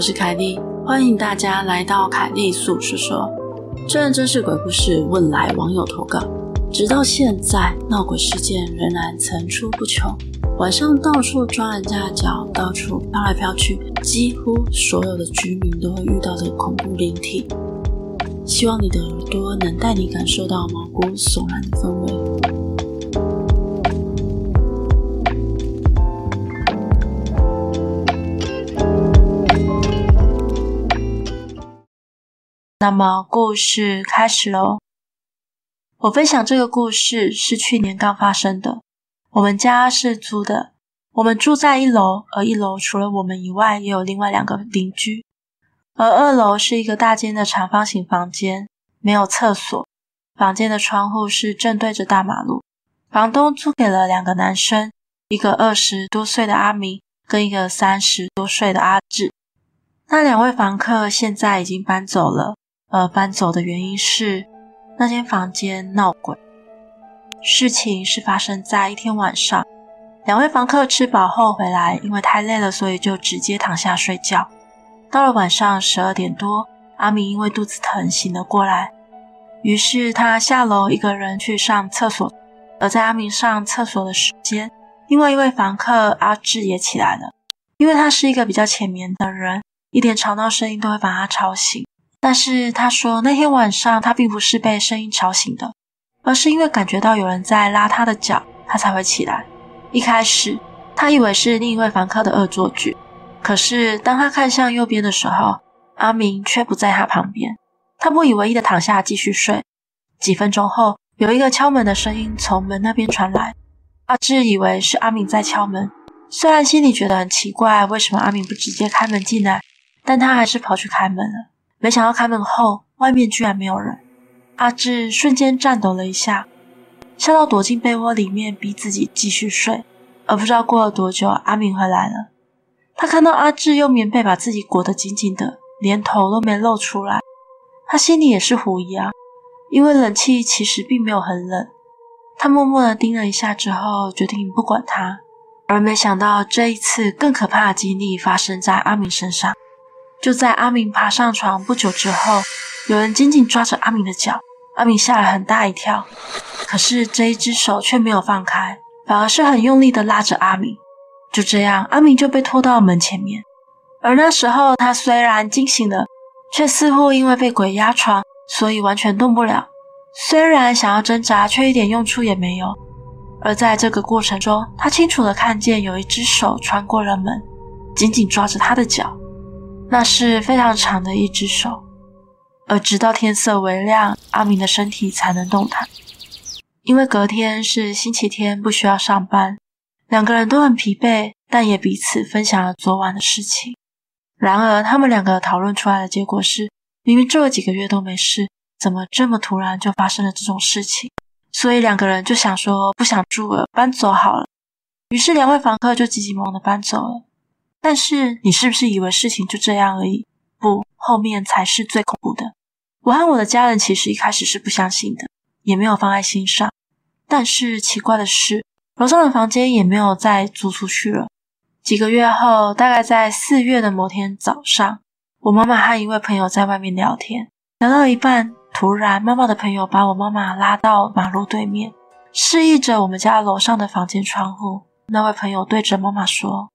我是凱莉，歡迎大家來到凱莉粟說說，真人真事鬼故事，汶萊網友投稿。直到現在，鬧鬼事件仍然層出不窮，晚上到處抓人家的腳，到處飄來飄去，幾乎所有的居民都會遇到的恐怖靈體。希望你的耳朵能帶你感受到毛骨悚然的氛圍。那麼故事開始嘍。我分享這個故事是去年剛發生的。我們家是租的，我們住在一樓，而一樓除了我們以外，也有另外兩個鄰居。而二樓是一個大間的長方形房間，沒有廁所。房間的窗戶是正對着大馬路。房東租給了兩個男生，一個二十多歲的阿明跟一個三十多歲的阿志。那兩位房客現在已經搬走了。呃，而搬走的原因是那間房間鬧鬼。事情是發生在一天晚上，兩位房客吃飽後回來，因為太累了，所以就直接躺下睡覺。到了晚上十二點多，阿明因為肚子疼醒了過來，於是他下樓一個人去上廁所。而在阿明上廁所的時間，另外一位房客阿志也起來了，因為他是一個比較淺眠的人，一點吵鬧聲音都會把他吵醒。但是他說，那天晚上他並不是被聲音吵醒的，而是因為感覺到有人在拉他的腳，他才會起來。一開始他以為是另一位房客的惡作劇，可是當他看向右邊的時候，阿明卻不在他旁邊。他不以為意的躺下繼續睡。幾分鐘後，有一個敲門的聲音從門那邊傳來。阿志以為是阿明在敲門，雖然心裡覺得很奇怪，為什麼阿明不直接開門進來，但他還是跑去開門了。沒想到開門後，外面居然沒有人。阿志瞬間顫抖了一下，嚇到躲進被窩裡面，逼自己繼續睡。而不知道過了多久，阿明回來了，他看到阿志用棉被把自己裹得緊緊的，連頭都沒露出來。他心裡也是狐疑啊，因為冷氣其實並沒有很冷。他默默的盯了一下之後，決定不管他。而沒想到，這一次更可怕的經歷發生在阿明身上。就在阿明爬上床不久之後，有人緊緊抓着阿明的腳，阿明嚇了很大一跳。可是這一只手卻沒有放開，反而是很用力地拉着阿明。就這樣，阿明就被拖到門前面。而那時候，他雖然驚醒了，卻似乎因為被鬼壓床，所以完全動不了。雖然想要掙扎，卻一點用處也沒有。而在這個過程中，他清楚地看見有一只手穿過了門，緊緊抓着他的腳。那是非常長的一隻手，而直到天色微亮，阿明的身體才能動彈。因為隔天是星期天，不需要上班，兩個人都很疲憊，但也彼此分享了昨晚的事情。然而，他們兩個討論出來的結果是：明明住了幾個月都沒事，怎麼這麼突然就發生了這種事情？所以，兩個人就想說不想住了，搬走好了。於是，兩位房客就急急忙忙地搬走了。但是你是不是以為事情就這樣而已？不，後面才是最恐怖的。我和我的家人其實一開始是不相信的，也沒有放在心上。但是奇怪的是，樓上的房間也沒有再租出去了。幾個月後，大概在四月的某天早上，我媽媽和一位朋友在外面聊天，聊到一半，突然媽媽的朋友把我媽媽拉到馬路對面，示意着我們家樓上的房間窗戶。那位朋友對着媽媽說。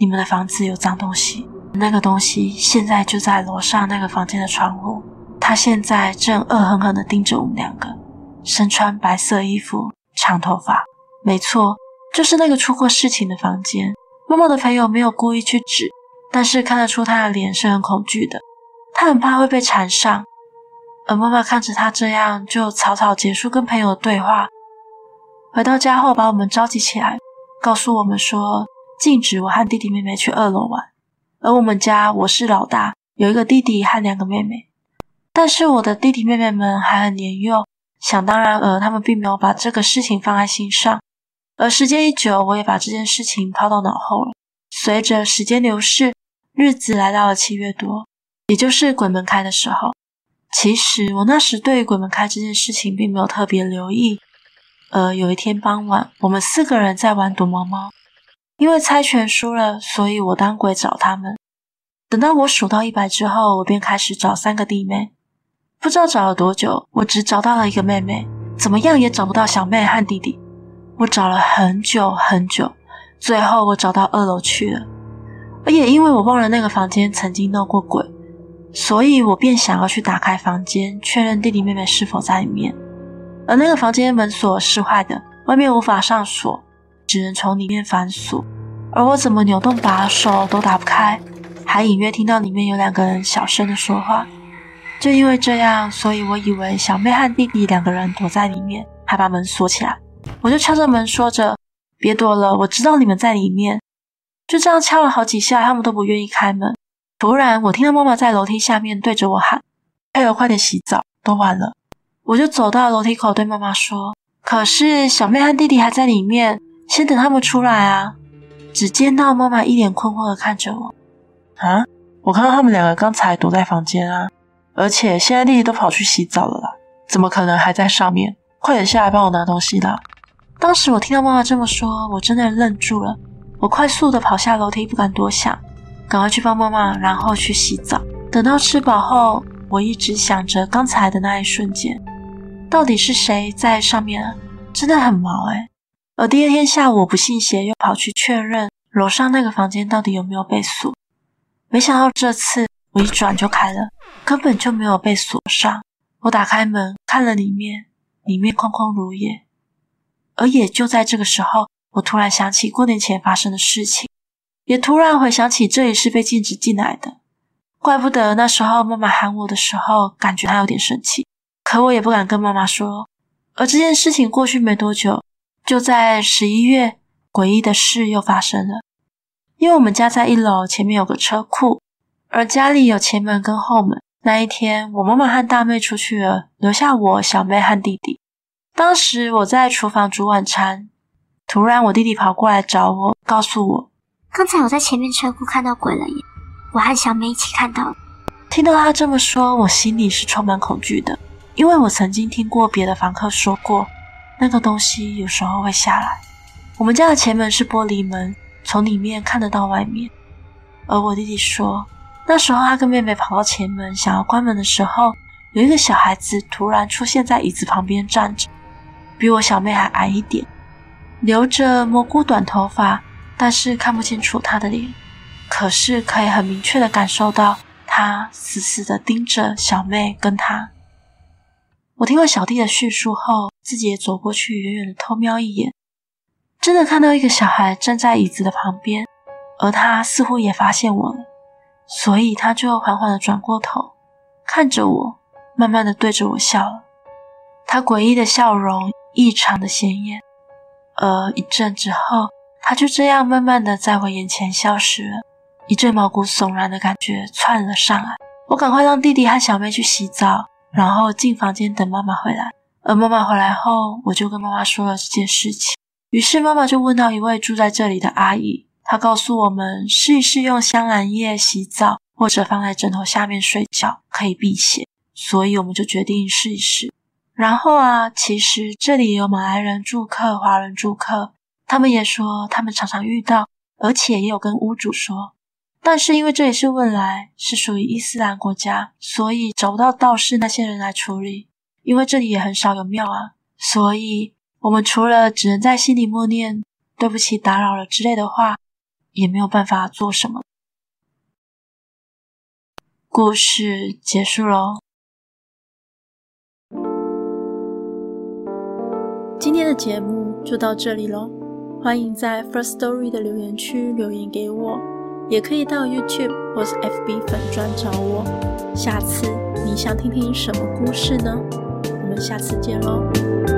你們的房子有髒東西，那個東西現在就在樓上那個房間的窗戶，他現在正惡狠狠地盯着我們兩個，身穿白色衣服，長頭髮，沒錯，就是那個出過事情的房間。媽媽的朋友沒有故意去指，但是看得出他的臉是很恐懼的，他很怕會被纏上。而媽媽看着他這樣，就草草結束跟朋友的對話，回到家後把我們召集起來，告訴我們說。禁止我和弟弟妹妹去二樓玩。而我們家我是老大，有一個弟弟和兩個妹妹。但是我的弟弟妹妹們還很年幼，想當然，呃，他們並沒有把這個事情放在心上。而時間一久，我也把這件事情拋到腦後了。隨着時間流逝，日子來到了七月多，也就是鬼門開的時候。其實我那時對於鬼門開這件事情並沒有特別留意。呃，有一天傍晚，我們四個人在玩躲貓貓。因為猜拳輸了，所以我當鬼找他們。等到我數到一百之後，我便開始找三個弟妹。不知道找了多久，我只找到了一個妹妹，怎麼樣也找不到小妹和弟弟。我找了很久很久，最後我找到二樓去了。而也因為我忘了那個房間曾經鬧過鬼，所以我便想要去打開房間，確認弟弟妹妹是否在裡面。而那個房間門鎖是壞的，外面無法上鎖。只能從裡面反鎖，而我怎麼扭動把手都打不開，還隱約聽到裡面有兩個人小聲的說話。就因為這樣，所以我以為小妹和弟弟兩個人躲在裡面，還把門鎖起來。我就敲着門，說着：“別躲了，我知道你們在裡面。”就這樣敲了好幾下，他們都不願意開門。突然，我聽到媽媽在樓梯下面對着我喊：“哎呦，快點洗澡，都晚了。”我就走到樓梯口，對媽媽說：“可是小妹和弟弟還在裡面。”先等他們出來啊！只見到媽媽一臉困惑的看着我。啊，我看到他們兩個剛才躲在房間啊，而且現在弟弟都跑去洗澡了啦，怎麼可能還在上面？快點下來幫我拿東西啦！當時我聽到媽媽這麼說，我真的愣住了。我快速的跑下樓梯，不敢多想，趕快去幫媽媽，然後去洗澡。等到吃飽後，我一直想着剛才的那一瞬間，到底是誰在上面？真的很毛哎、欸。而第二天下午，我不信邪，又跑去確認樓上那個房間到底有沒有被鎖。沒想到這次我一轉就開了，根本就沒有被鎖上。我打開門看了裡面，裡面空空如也。而也就在這個時候，我突然想起過年前發生的事情，也突然回想起這裡是被禁止進來的。怪不得那時候媽媽喊我的時候，感覺她有點生氣。可我也不敢跟媽媽說。而這件事情過去沒多久。就在十一月，詭異的事又發生了。因為我們家在一樓前面有個車庫，而家裡有前門跟後門。那一天，我媽媽和大妹出去了，留下我、小妹和弟弟。當時我在廚房煮晚餐，突然我弟弟跑過來找我，告訴我：“剛才我在前面車庫看到鬼了耶，我和小妹一起看到了。”聽到他這麼說，我心裡是充滿恐懼的，因為我曾經聽過別的房客說過。那個東西有時候會下來。我們家的前門是玻璃門，從裡面看得到外面。而我弟弟說，那時候他跟妹妹跑到前門，想要關門的時候，有一個小孩子突然出現在椅子旁邊站着，比我小妹還矮一點，留着蘑菇短頭髮，但是看不清楚他的臉，可是可以很明確的感受到他死死的盯着小妹跟他。我聽過小弟的敘述後，自己也走過去，遠遠的偷瞄一眼，真的看到一個小孩站在椅子的旁邊，而他似乎也發現我了，所以他就緩緩的轉過頭，看着我，慢慢的對着我笑了。他詭異的笑容異常的鮮艷，而一陣之後，他就這樣慢慢的在我眼前消失了。一陣毛骨悚然的感覺竄了上來，我趕快讓弟弟和小妹去洗澡，然後進房間等媽媽回來。而媽媽回來後，我就跟媽媽說了這件事情。於是媽媽就問到一位住在這裡的阿姨，她告訴我們試一試用香蘭葉洗澡，或者放在枕頭下面睡覺可以避邪。所以我們就決定試一試。然後啊，其實這裡也有馬來人住客、華人住客，他們也說他們常常遇到，而且也有跟屋主說。但是因為這裡是汶萊，是屬於伊斯蘭國家，所以找不到道士那些人來處理。因為這裡也很少有廟啊，所以我們除了只能在心裡默念“對不起，打擾了”之類的話，也沒有辦法做什麼。故事結束嘍。今天的節目就到這裡嘍，歡迎在 First Story 的留言區留言給我，也可以到 YouTube 或是 FB 粉專找我。下次你想聽聽什麼故事呢？我們下次見嘍。